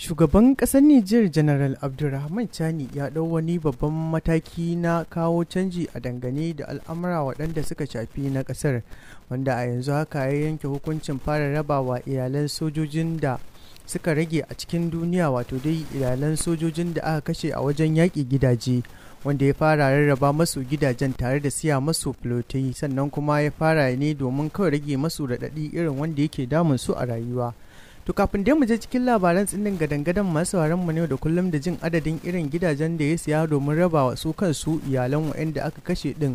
shugaban ƙasar niger general abdulrahman chani ya ɗau wani babban mataki na kawo canji a dangane da al'amura waɗanda suka shafi na ƙasar wanda a yanzu haka ya yanke hukuncin fara rabawa iyalan sojojin da suka rage a cikin duniya wato dai iyalan sojojin da aka kashe a wajen yaƙi gidaje wanda ya fara rarraba masu gidajen tare da siya masu filotai sannan kuma ya fara ne domin kawai rage masu raɗaɗi irin wanda yake damun su a rayuwa To kafin dai mu je cikin labaran tsinin gadan-gadan masu sauraron mu ne da kullum da jin adadin irin gidajen da ya siya domin raba wa su kansu iyalan waɗanda aka kashe din.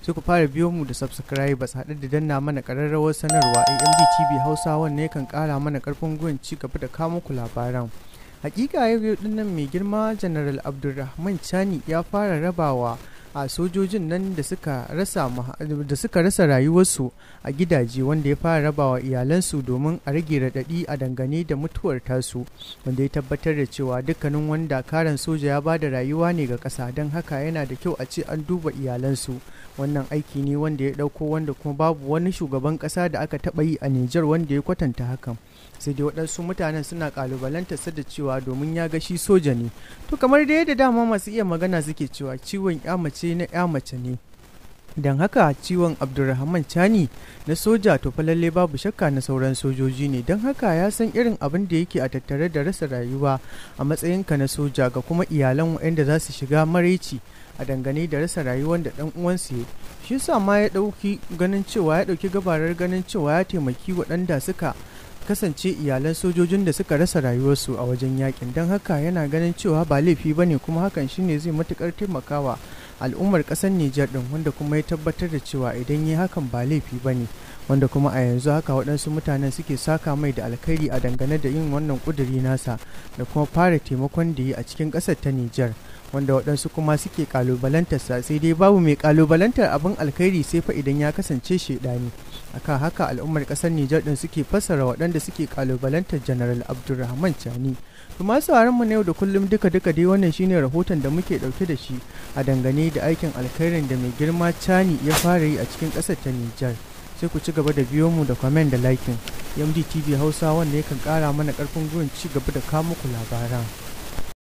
Sai ku fara biyo mu da subscribers haɗe da danna mana ƙararrawar sanarwa AMD TV Hausa wanne kan ƙara mana ƙarfin gwiwan ci gaba da kawo muku labaran. Hakika yau din nan mai girma General Abdulrahman Chani ya fara rabawa a sojojin nan da suka rasa rayuwarsu a gidaje wanda ya fara rabawa iyalansu domin a rage raɗaɗi a dangane da mutuwar tasu wanda ya tabbatar da cewa dukkanin wanda karan soja ya ba da rayuwa ne ga ƙasa don haka yana da kyau a ce an duba iyalansu wannan aiki ne wanda ya dauko wanda kuma babu wani shugaban kasa da aka taba yi a Nijar wanda ya kwatanta hakan sai dai waɗansu mutanen suna kalubalanta su da cewa domin ya ga shi soja ne to kamar da yadda dama masu iya magana suke cewa ciwon ya mace na ya mace ne don haka ciwon abdulrahman chani na soja to falalle babu shakka na sauran sojoji ne don haka ya san irin abin da yake a tattare da rasa rayuwa a matsayinka na soja ga kuma iyalan waɗanda za su shiga maraici a dangane da rasa rayuwar da ɗan uwansu ya shi sa ma ya dauki ganin cewa ya ɗauki gabarar ganin cewa ya taimaki waɗanda suka kasance iyalan sojojin da suka rasa rayuwarsu a wajen yakin don haka yana ganin cewa ba laifi bane ne kuma hakan shine zai matukar taimakawa al'ummar ƙasar Nijar ɗin wanda kuma ya tabbatar da cewa idan yi hakan ba laifi ba ne wanda kuma a yanzu haka waɗansu mutanen suke saka mai da alkhairi a dangane da yin wannan kuduri nasa da kuma fara taimakon da yi a cikin ƙasar ta Nijar wanda waɗansu kuma suke sa sai dai babu mai kalubalantar abin alkhairi sai fa idan ya kasance shaiɗani. akan haka al'ummar kasar Nijar din suke fassara waɗanda suke kalubalantar General Abdulrahman Chani. To masu mu na yau da kullum duka duka dai wannan shine rahoton da muke ɗauke da shi a dangane da aikin alkhairin da mai girma Chani ya fara yi a cikin ƙasar ta Nijar. Sai ku ci gaba da biyo mu da comment da liking. MDTV Hausa wanda yakan kara mana karfin gwiwa ci gaba da kawo muku labaran.